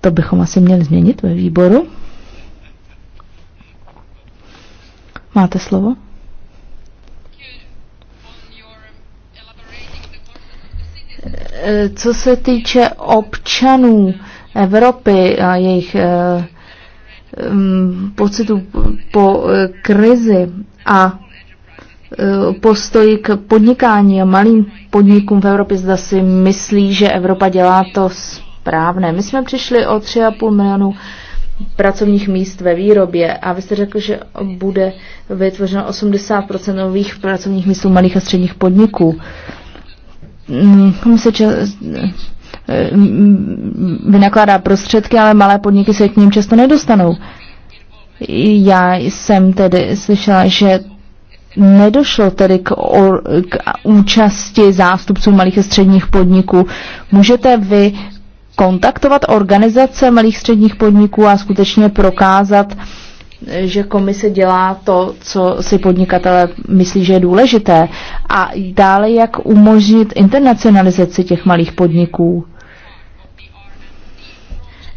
to bychom asi měli změnit ve výboru. Máte slovo? Eh, co se týče občanů Evropy a jejich eh, Um, pocitu po eh, krizi a eh, postoj k podnikání a malým podnikům v Evropě, zda si myslí, že Evropa dělá to správné. My jsme přišli o 3,5 milionu pracovních míst ve výrobě a vy jste řekl, že bude vytvořeno 80% nových pracovních míst u malých a středních podniků. Hmm, Eh, vynakládá prostředky, ale malé podniky se k ním často nedostanou. Já jsem tedy slyšela, že nedošlo tedy k, o, k účasti zástupců malých a středních podniků. Můžete vy kontaktovat organizace malých středních podniků a skutečně prokázat, že komise dělá to, co si podnikatele myslí, že je důležité. A dále, jak umožnit internacionalizaci těch malých podniků.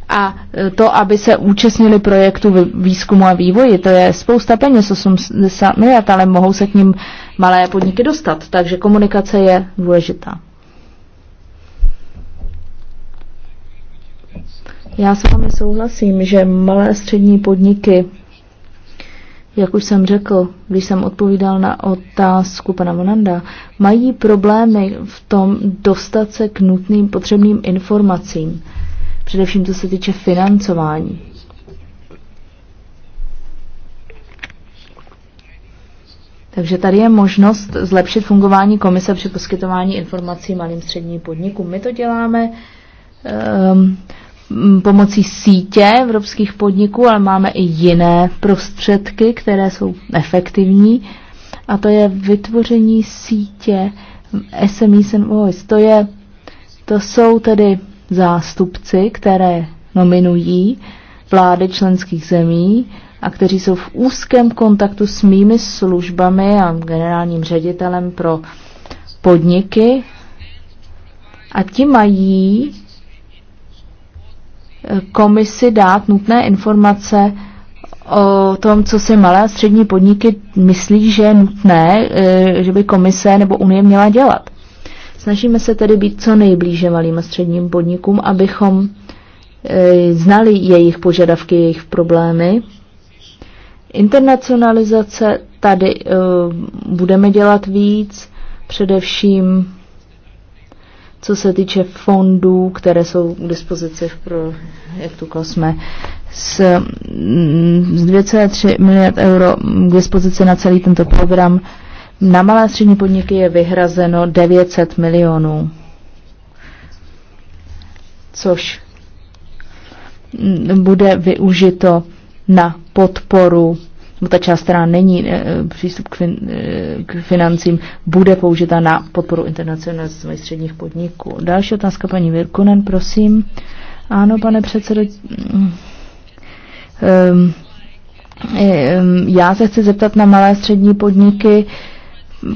A to, aby se účastnili projektu výzkumu a vývoji, to je spousta peněz, 80 miliard, ale mohou se k ním malé podniky dostat. Takže komunikace je důležitá. Já s vámi souhlasím, že malé střední podniky jak už jsem řekl, když jsem odpovídal na otázku pana Monanda, mají problémy v tom dostat se k nutným potřebným informacím, především co se týče financování. Takže tady je možnost zlepšit fungování komise při poskytování informací malým středním podnikům. My to děláme um, pomocí sítě evropských podniků, ale máme i jiné prostředky, které jsou efektivní. A to je vytvoření sítě SMEs and Voice. To, je, to jsou tedy zástupci, které nominují vlády členských zemí a kteří jsou v úzkém kontaktu s mými službami a generálním ředitelem pro podniky a ti mají komisi dát nutné informace o tom, co si malé a střední podniky myslí, že je nutné, eh, že by komise nebo Unie měla dělat. Snažíme se tedy být co nejblíže malým a středním podnikům, abychom eh, znali jejich požadavky, jejich problémy. Internacionalizace tady eh, budeme dělat víc, především co se týče fondů, které jsou k dispozici jak tu Kosme, s 2,3 mm, miliard euro k dispozici na celý tento program, na malé střední podniky je vyhrazeno 900 milionů, což mm, bude využito na podporu no ta část, která není eh, přístup k, fin, eh, k financím, bude použita na podporu internacionalizace středních podniků. Další otázka paní Virkunen, prosím. Ano, pane předsedo. Um, já se chci zeptat na malé střední podniky.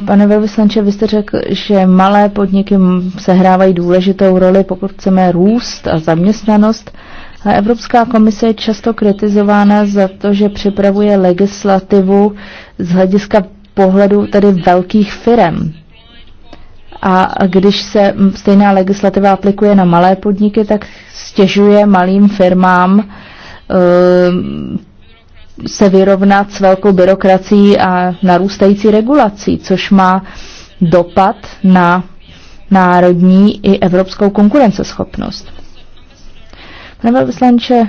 Pane velvyslanče, vy jste řekl, že malé podniky sehrávají důležitou roli, pokud chceme růst a zaměstnanost. Uh, ale Evropská komise je často kritizována za to, že připravuje legislativu z hlediska pohledu tedy velkých firm. A když se stejná legislativa aplikuje na malé podniky, tak stěžuje malým firmám ehm, se vyrovnat s velkou byrokracií a narůstající regulací, což má dopad na národní i evropskou konkurenceschopnost. Pane vyslanče,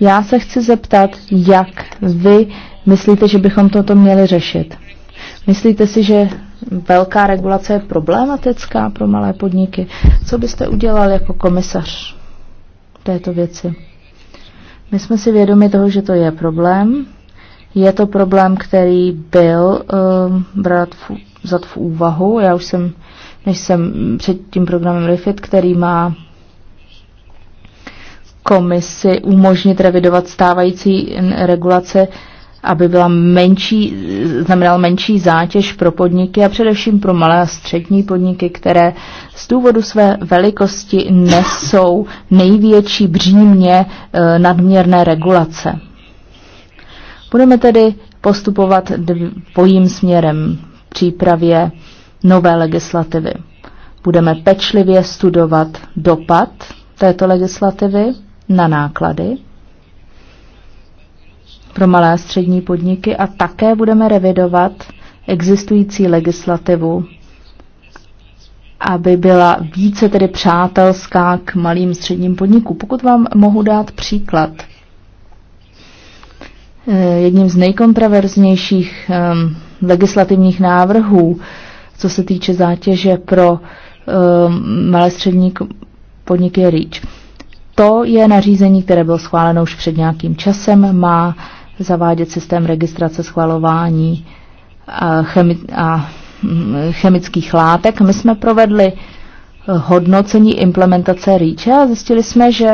já se chci zeptat, jak vy myslíte, že bychom toto měli řešit? Myslíte si, že velká regulace je problematická pro malé podniky? Co byste udělal jako komisař této věci? My jsme si vědomi toho, že to je problém. Je to problém, který byl uh, brát v, vzat v úvahu. Já už jsem, než jsem před tím programem RIFIT, který má komisi umožnit revidovat stávající regulace, aby byla menší, znamenal menší zátěž pro podniky a především pro malé a střední podniky, které z důvodu své velikosti nesou největší břímě e, nadměrné regulace. Budeme tedy postupovat dvojím směrem v přípravě nové legislativy. Budeme pečlivě studovat dopad této legislativy na náklady pro malé a střední podniky a také budeme revidovat existující legislativu, aby byla více tedy přátelská k malým středním podnikům. Pokud vám mohu dát příklad, eh, jedním z nejkontroverznějších um, legislativních návrhů, co se týče zátěže pro um, malé střední podniky je REACH. To je nařízení, které bylo schváleno už před nějakým časem, má zavádět systém registrace schvalování a, chemi- a mm, chemických látek. My jsme provedli hodnocení implementace REACHe a zjistili jsme, že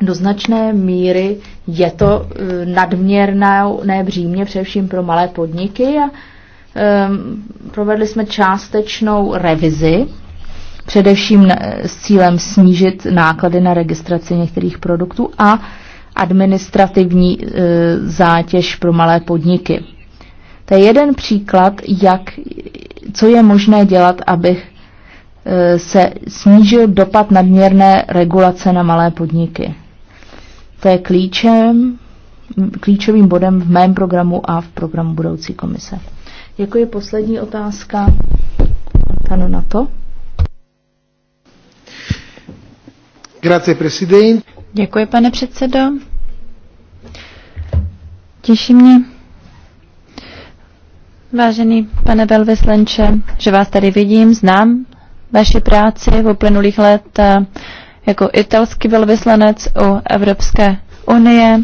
do značné míry je to eh, nadměrné břímě, především pro malé podniky a um, provedli jsme částečnou revizi především s cílem snížit náklady na registraci některých produktů a administrativní e, zátěž pro malé podniky. To je jeden příklad, jak, co je možné dělat, aby e, se snížil dopad nadměrné regulace na malé podniky. To je klíčem, klíčovým bodem v mém programu a v programu budoucí komise. Děkuji. Poslední otázka. Ano, na to. Grazie, Děkuji, pane předsedo. Těší mě, vážený pane velvyslenče, že vás tady vidím, znám vaši práci v uplynulých let eh, jako italský velvyslanec u Evropské unie.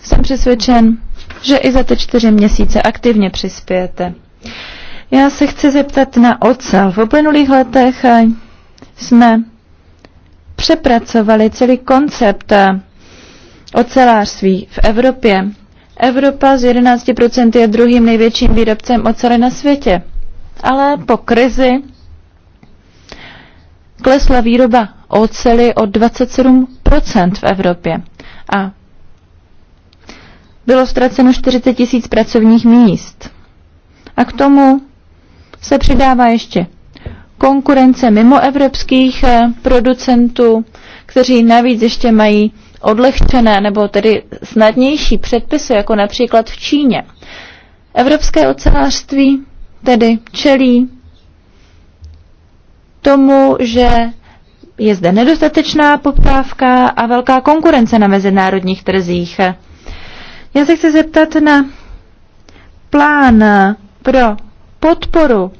Jsem přesvědčen, že i za ty čtyři měsíce aktivně přispějete. Já se chci zeptat na ocel. V uplynulých letech eh, jsme přepracovali celý koncept eh, ocelářství v Evropě. Evropa z 11% je druhým největším výrobcem oceli na světě. Ale po krizi klesla výroba oceli o 27% v Evropě. A bylo ztraceno 40 tisíc pracovních míst. A k tomu se přidává ještě konkurence mimoevropských eh, producentů, kteří navíc ještě mají odlehčené nebo tedy snadnější předpisy, jako například v Číně. Evropské ocelářství tedy čelí tomu, že je zde nedostatečná poptávka a velká konkurence na mezinárodních trzích. Já se chci zeptat na plán pro podporu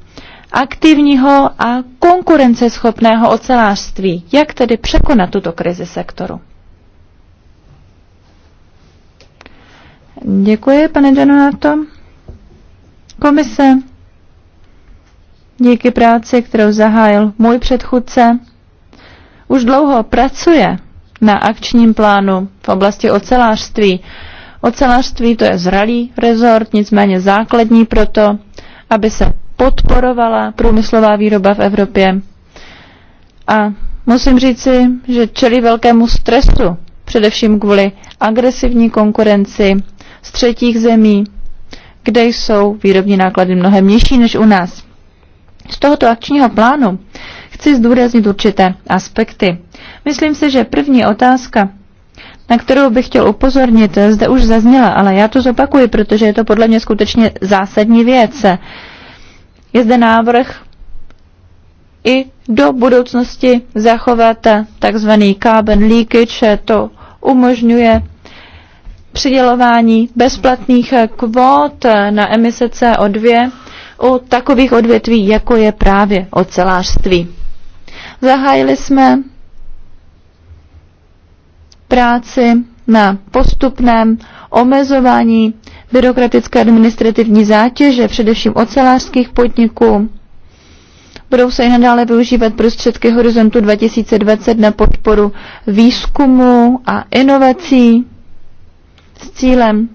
aktivního a konkurenceschopného ocelářství. Jak tedy překonat tuto krizi sektoru? Děkuji, pane Donato. Komise, díky práci, kterou zahájil můj předchůdce, už dlouho pracuje na akčním plánu v oblasti ocelářství. Ocelářství to je zralý rezort, nicméně základní proto, aby se podporovala průmyslová výroba v Evropě. A musím říci, že čelí velkému stresu, především kvůli agresivní konkurenci z třetích zemí, kde jsou výrobní náklady mnohem nižší než u nás. Z tohoto akčního plánu chci zdůraznit určité aspekty. Myslím si, že první otázka, na kterou bych chtěl upozornit, zde už zazněla, ale já to zopakuji, protože je to podle mě skutečně zásadní věc. Je zde návrh i do budoucnosti zachovat takzvaný carbon leakage, to umožňuje přidělování bezplatných kvót na emise CO2 u takových odvětví, jako je právě ocelářství. Zahájili jsme práci na postupném omezování byrokratické administrativní zátěže, především ocelářských podniků. Budou se i nadále využívat prostředky Horizontu 2020 na podporu výzkumu a inovací s cílem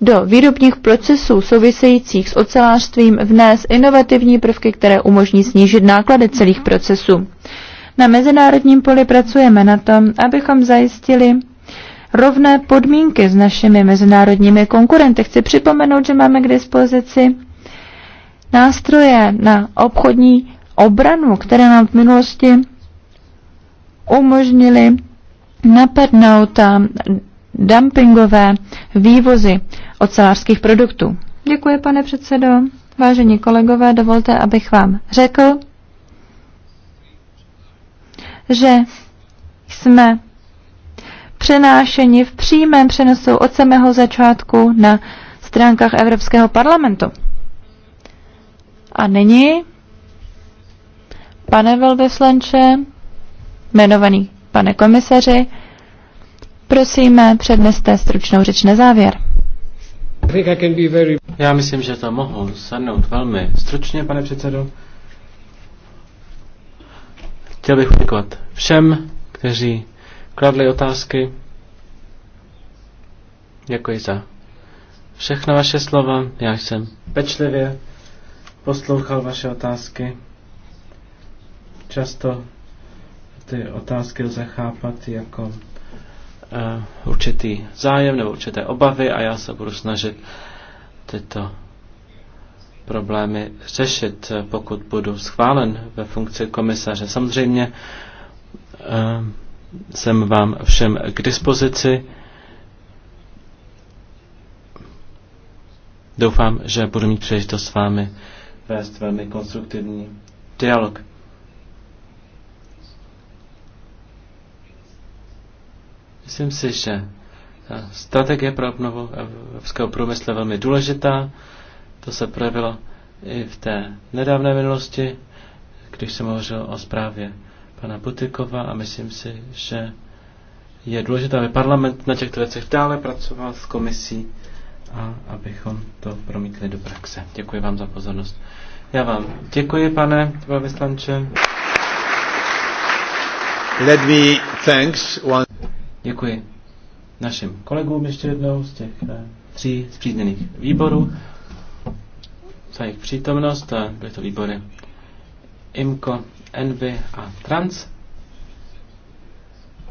do výrobních procesů souvisejících s ocelářstvím vnést inovativní prvky, které umožní snížit náklady celých procesů. Na mezinárodním poli pracujeme na tom, abychom zajistili rovné podmínky s našimi mezinárodními konkurenty. Chci připomenout, že máme k dispozici nástroje na obchodní obranu, které nám v minulosti umožnili napadnout eh, dumpingové vývozy ocelářských produktů. Děkuji, pane předsedo. Vážení kolegové, dovolte, abych vám řekl, že jsme přenášeni v přímém přenosu od samého začátku na stránkách Evropského parlamentu. A nyní, pane velvyslanče, jmenovaný pane komisaři, prosíme, předneste stručnou řeč na závěr. Já myslím, že to mohu shrnout velmi stručně, pane předsedo. Chtěl bych poděkovat všem, kteří kladli otázky. Děkuji za všechna vaše slova. Já jsem pečlivě poslouchal vaše otázky. Často ty otázky lze chápat jako uh, určitý zájem nebo určité obavy a já se budu snažit tyto problémy řešit, eh, pokud budu schválen ve funkci komisaře. Samozřejmě uh, jsem vám všem k dispozici. Doufám, že budu mít příležitost s vámi vést velmi konstruktivní dialog. Myslím si, že strategie pro obnovu evropského průmyslu je velmi důležitá. To se projevilo i v té nedávné minulosti, když jsem hovořil o zprávě pana Butikova a myslím si, že je důležité, aby parlament na těchto věcech dále pracoval s komisí a abychom to promítli do praxe. Děkuji vám za pozornost. Já vám děkuji, pane velvyslanče. Let me thanks one... Děkuji našim kolegům ještě jednou z těch eh, tří zpřízněných výborů za jejich přítomnost a byly to výbory IMCO, Envy a Trans.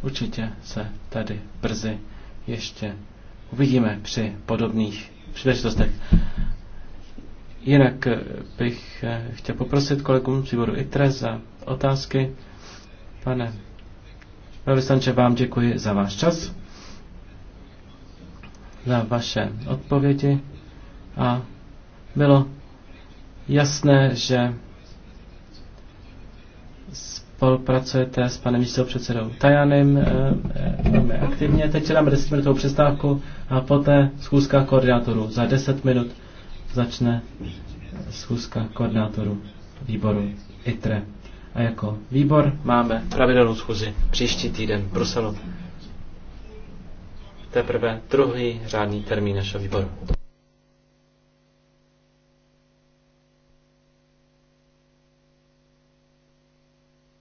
Určitě se tady brzy ještě uvidíme při podobných příležitostech. Jinak eh, bych eh, chtěl poprosit kolegům z výboru ITRE za otázky. Pane velvyslanče, vám děkuji za váš čas, za vaše odpovědi a bylo jasné, že spolupracujete s panem místopředsedou Tajanem eh, eh, velmi aktivně. Teď si dáme 10 minutovou přestávku a poté schůzka koordinátorů. Za 10 minut začne schůzka koordinátorů výboru ITRE. A jako výbor máme pravidelnou schůzi příští týden v Bruselu. Teprve druhý řádný termín našeho výboru.